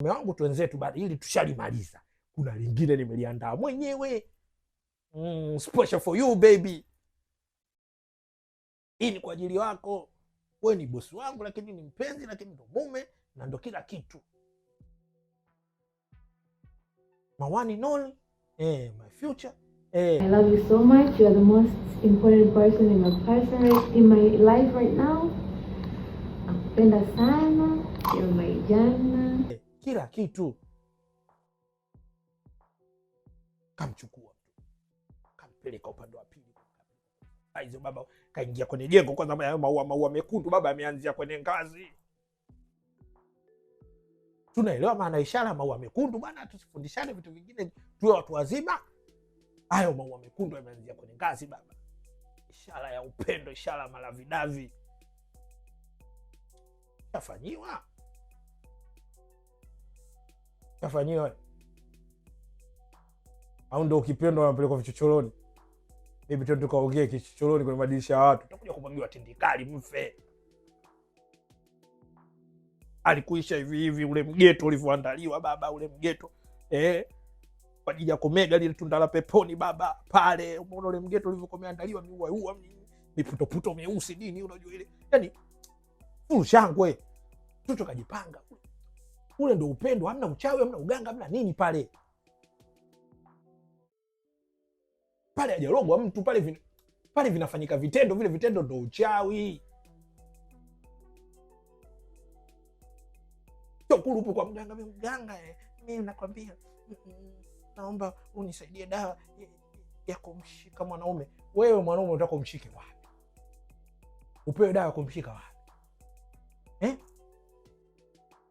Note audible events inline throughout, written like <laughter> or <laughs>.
Mume wangu twenzetu, bado ili tushalimaliza, kuna lingine nimeliandaa mwenyewe mm, special for you baby. Hii ni kwa ajili wako. We ni bosi wangu, lakini ni mpenzi, lakini ndo mume na ndo kila kitu. Mawani noli eh, my future Hey. Eh. I love you so much. You are the most important person in my person in my life right now. Nakupenda sana. You're my jana. Eh kila kitu. Kamchukua mtu kampeleka upande wa pili aizo ah, baba kaingia kwenye jengo kwanza, maua maua mekundu, baba ameanzia kwenye ngazi. Tunaelewa maana ishara maua mekundu bwana, tusifundishane vitu vingine, tuwe watu wazima. Hayo maua mekundu yameanzia kwenye ngazi baba, ishara ya upendo, ishara maravidavi Tafanyiwa kafanyiwa au ndo ukipendwa unapelekwa vichochoroni. hivi tuende tukaongee kichochoroni kwenye madirisha ya watu, utakuja kumwagiwa tindikali mfe. Alikuisha hivi hivi ule mgeto ulivyoandaliwa baba, ule mgeto eh, kwa ajili ya kumega lile tunda la peponi baba pale. Umeona ule mgeto ulivyokomeandaliwa, ni ua miputoputo meusi nini, unajua ile, yani furu shangwe, mtoto kajipanga ule ndo upendo, hamna uchawi, hamna uganga, hamna nini pale. Pale ajarogwa mtu pale, vin, pale vinafanyika vitendo, vile vitendo ndo uchawi. Tokulupu kwa mganga, mganga eh, mimi nakwambia naomba unisaidie dawa ya kumshika mwanaume. Wewe mwanaume unataka kumshike wapi? Upewe dawa ya kumshika wapi eh?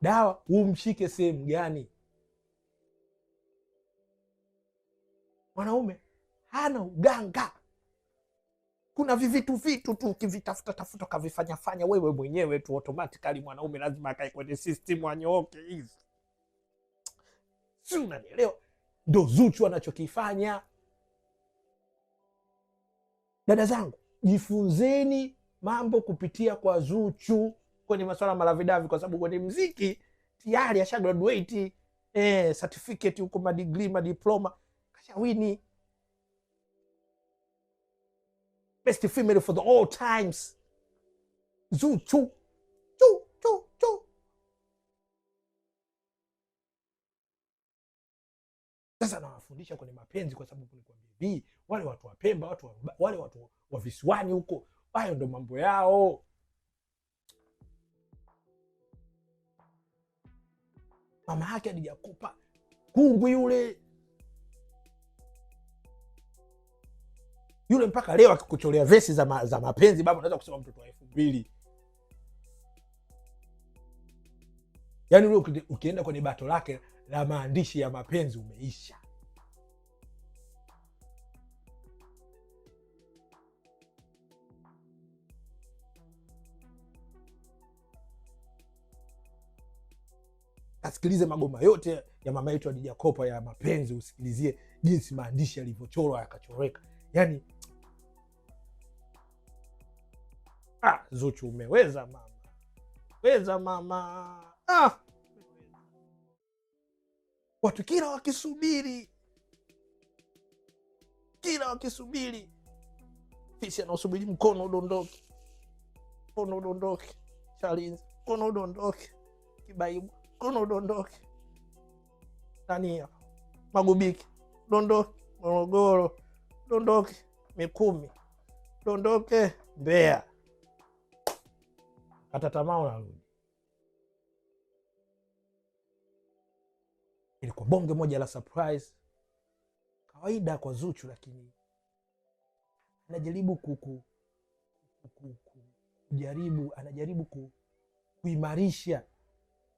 dawa umshike sehemu gani? Mwanaume hana uganga. Kuna vivitu vitu tu ukivitafuta tafuta ukavifanyafanya wewe mwenyewe tu, automatikali mwanaume lazima akae kwenye sistimu anyooke. Hizi si unanielewa? Ndo Zuchu anachokifanya. Dada zangu, jifunzeni mambo kupitia kwa Zuchu kwenye masuala maravidavi, kwa sababu kwenye mziki tayari asha graduate eh, certificate huko, madigrii madiploma, kashawini best female for the all times zuchu Sasa nawafundisha kwenye mapenzi, kwa sababu wale watu wa Pemba, watu wa, wale watu wa visiwani huko, hayo ndo mambo yao. mama yake alijakupa kungwi yule yule, mpaka leo akikucholea vesi za, ma, za mapenzi baba, unaweza kusema mtoto wa elfu mbili yaani ule ukienda kwenye bato lake la maandishi ya mapenzi umeisha. kasikilize magoma yote ya mama yetu Hadija Kopa ya mapenzi, usikilizie jinsi maandishi yalivyochorwa yakachoreka. Yani ah, Zuchu umeweza mama, weza mama ah. Watu kila wakisubiri kila wakisubiri fisi anaosubiri mkono udondoke, mkono udondoke, Chalinze mkono udondoke, Kibaibwa kono dondoke Tania Magubiki, dondoke. Morogoro, dondoke. Mikumi, dondoke. Mbeya, kata tamaa, unarudi. Ilikuwa bonge moja la surprise kawaida kwa Zuchu, lakini anajaribu kuku kujaribu anajaribu kuimarisha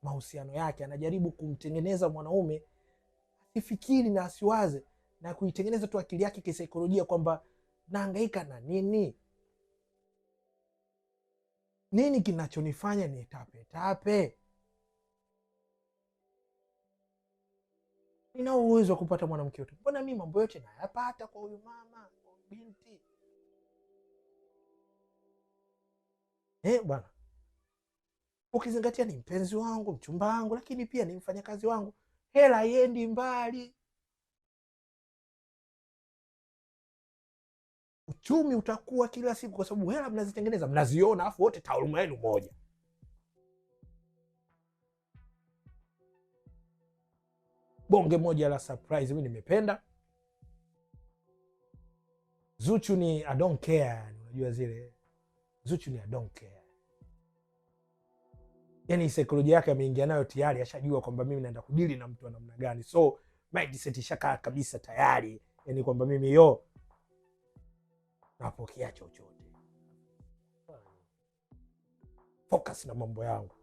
mahusiano yake, anajaribu kumtengeneza mwanaume asifikiri na asiwaze na kuitengeneza tu akili yake kisaikolojia kwamba naangaika na nini nini, kinachonifanya ni tape tape. Ninao uwezo wa kupata mwanamke yote, mbona mi mambo yote nayapata kwa huyu mama, kwa binti eh bwana ukizingatia ni mpenzi wangu, mchumba wangu, lakini pia ni mfanyakazi wangu. Hela iendi mbali, uchumi utakuwa kila siku, kwa sababu hela mnazitengeneza, mnaziona, afu wote taaluma yenu moja. Bonge moja la surprise, mi nimependa Zuchu ni I don't care, unajua zile Zuchu ni I don't care yani saikolojia yake ameingia nayo tayari, ashajua kwamba mimi naenda kudili na mtu wa namna gani, so mindset ishakaa kabisa tayari, yani kwamba mimi yo napokea chochote, focus na mambo yangu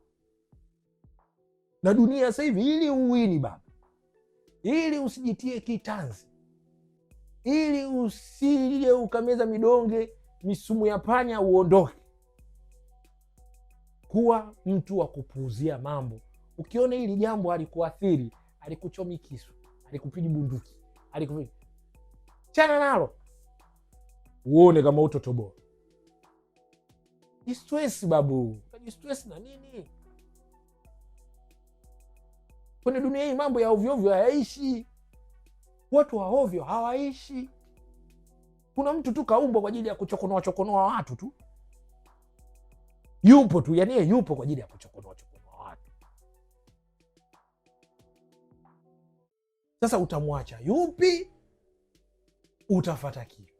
na dunia sasa hivi, ili uwini baba, ili usijitie kitanzi, ili usije ukameza midonge misumu ya panya uondoke kuwa mtu wa kupuuzia mambo. Ukiona hili jambo alikuathiri, alikuchomi kisu, bunduki, alikupiji chana nalo, uone kama utotoboa. Jistresi babu, kajistresi na nini? Kwenye dunia hii mambo ya ovyoovyo hayaishi, watu waovyo hawaishi. Kuna mtu tu kaumbwa kwa ajili ya kuchokonoa chokonoa watu tu yupo tu, yani yupo kwa ajili ya kuchokonoa chokonoa watu. Sasa utamwacha yupi? Utafata kipi?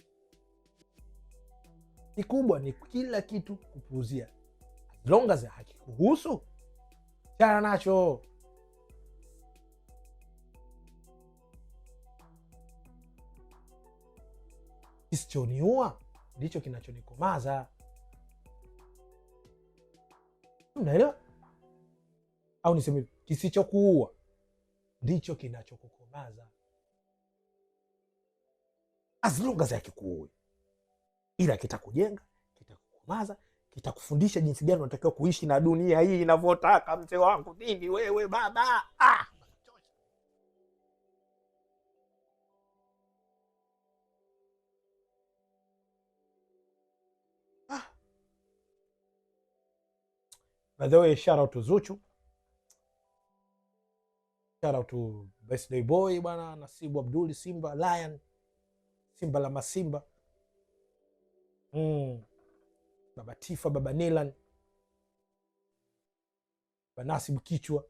Kikubwa ni kila kitu kupuuzia, as long as hakikuhusu chana nacho. Kisichoniua ndicho kinachonikomaza. Unaelewa? au niseme kisichokuua ndicho kinachokukomaza as long as hakikuui, ila kitakujenga, kitakukomaza, kitakufundisha jinsi gani unatakiwa kuishi na dunia hii inavyotaka. Mzee wangu, mimi wewe, baba ah! By the way, shout out to Zuchu, shout out to Birthday Boy bwana Nasibu Abduli, Simba Lion, Simba la Masimba, mm. Baba Tifa, Baba Nilan, Baba Nasibu Kichwa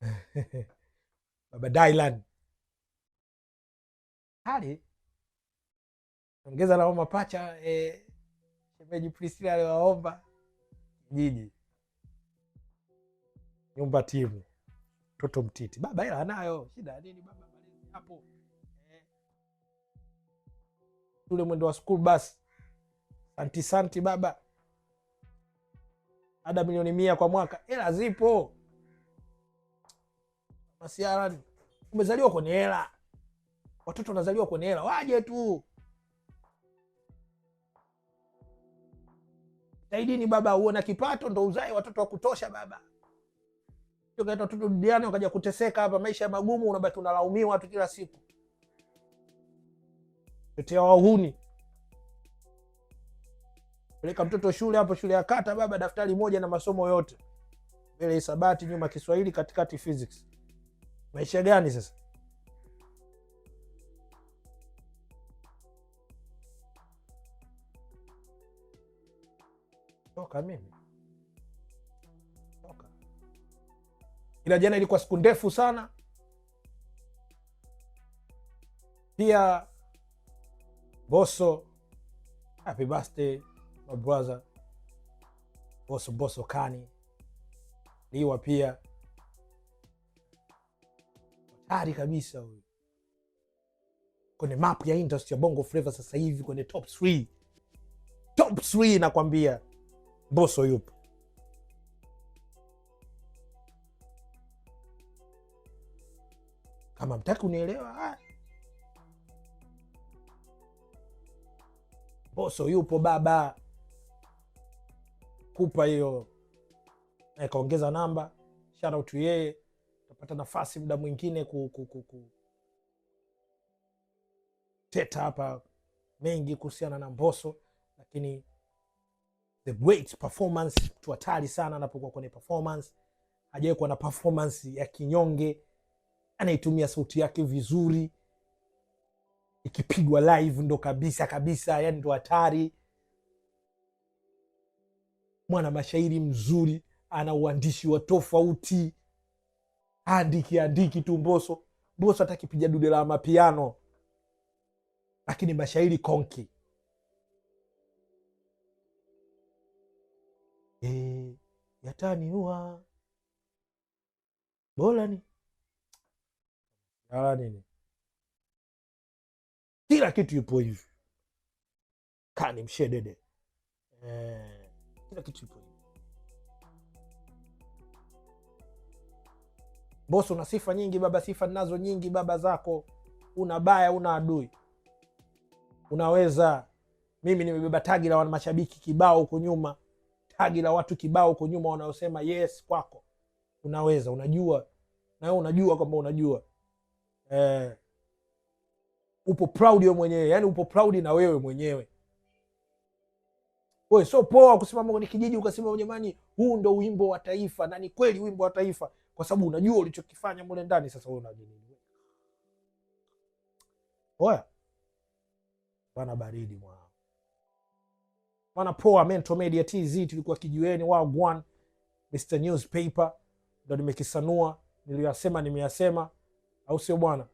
<laughs> Baba Dylan hali ongeza naoma pacha eh, shemeji Priscilla aliwaomba jiji, nyumba timu, mtoto mtiti, baba hela anayo, shida nini baba malezi hapo eh? Ule mwendo wa school bus santi santi, baba ada milioni mia kwa mwaka, hela zipo masiarani, umezaliwa kwenye hela, watoto wanazaliwa kwenye hela, waje tu Zaidini baba, uwe na kipato ndo uzae watoto wa kutosha baba. Tukaita watoto duniani wakaja kuteseka hapa, maisha magumu, unabaki unalaumiwa tu kila siku, tetea wahuni. Peleka mtoto shule hapo, shule ya kata baba, daftari moja na masomo yote, mbele hisabati, nyuma Kiswahili, katikati physics. Maisha gani sasa? toka mimi toka. Ila jana ilikuwa siku ndefu sana pia. Boso, happy birthday my brother Boso, Boso Kani liwa pia hatari kabisa huyu kwenye map ya industry ya bongo flava sasa hivi kwenye top 3 top 3 nakwambia boso yupo. Kama mtaki unielewa, boso yupo baba, kupa hiyo akaongeza eh, namba. Shout yeye, utapata nafasi muda mwingine ku, ku, ku, ku teta hapa mengi kuhusiana na mboso lakini the great performance, mtu hatari sana anapokuwa kwenye performance. Hajawahi kuwa na performance ya kinyonge, anaitumia sauti yake vizuri, ikipigwa live ndo kabisa kabisa, yani ndo hatari. Mwana mashairi mzuri, ana uandishi wa tofauti, andiki andiki tu. Mboso Mboso hata kipiga dude la mapiano, lakini mashairi konki e, yataniua bora ni ala nini, kila kitu yupo hivi kani mshedede e, kila kitu yupo hivi. Bosi, una sifa nyingi baba, sifa nazo nyingi baba zako, una baya, una adui, unaweza. Mimi nimebeba tagi la wanamashabiki kibao huko nyuma tagi la watu kibao huko nyuma wanaosema yes kwako, unaweza, unajua na unajua kwamba unajua eh, upo proud wewe mwenyewe, yani upo proud na wewe mwenyewe. we so poa kusimama kwenye kijiji ukasema jamani, huu ndo wimbo wa taifa, na ni kweli wimbo wa taifa, kwa sababu unajua ulichokifanya mule ndani. Sasa wewe oya, pana baridi mwana maana poa Mental Media TZ tulikuwa kijiweni gwan Mr Newspaper ndo nimekisanua, niliyoasema nimeyasema, au sio bwana?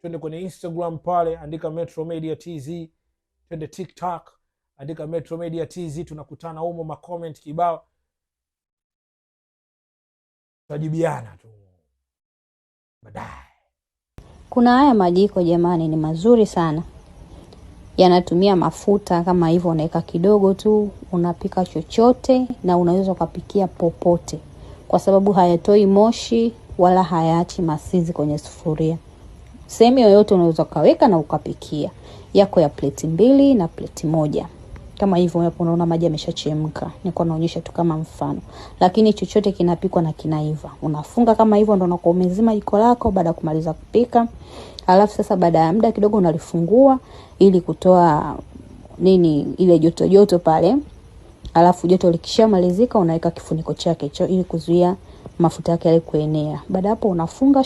Twende kwenye Instagram pale, andika Metro Media TZ. Twende TikTok, andika Metro Media TZ. Tunakutana humo, makomenti kibao, tutajibiana tu baadaye. Kuna haya majiko jamani, ni mazuri sana yanatumia mafuta kama hivyo, unaweka kidogo tu, unapika chochote na unaweza ukapikia popote, kwa sababu hayatoi moshi wala hayaachi masizi kwenye sufuria. Sehemu yoyote unaweza ukaweka na ukapikia yako ya pleti mbili na pleti moja kama hivyo hapo, unaona maji yameshachemka, niko naonyesha tu kama mfano, lakini chochote kinapikwa na kinaiva, unafunga kama hivyo, ndio unakuwa umezima jiko lako baada ya kumaliza kupika. Alafu sasa, baada ya muda kidogo, unalifungua ili kutoa nini, ile joto joto pale. Alafu joto likishamalizika, unaweka kifuniko chake hicho ili kuzuia mafuta yake yale kuenea. Baada hapo, unafunga.